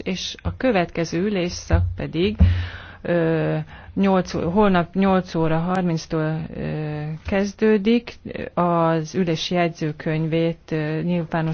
és a következő ülésszak pedig 8, holnap 8 óra 30-tól kezdődik, az ülési jegyzőkönyvét nyilvános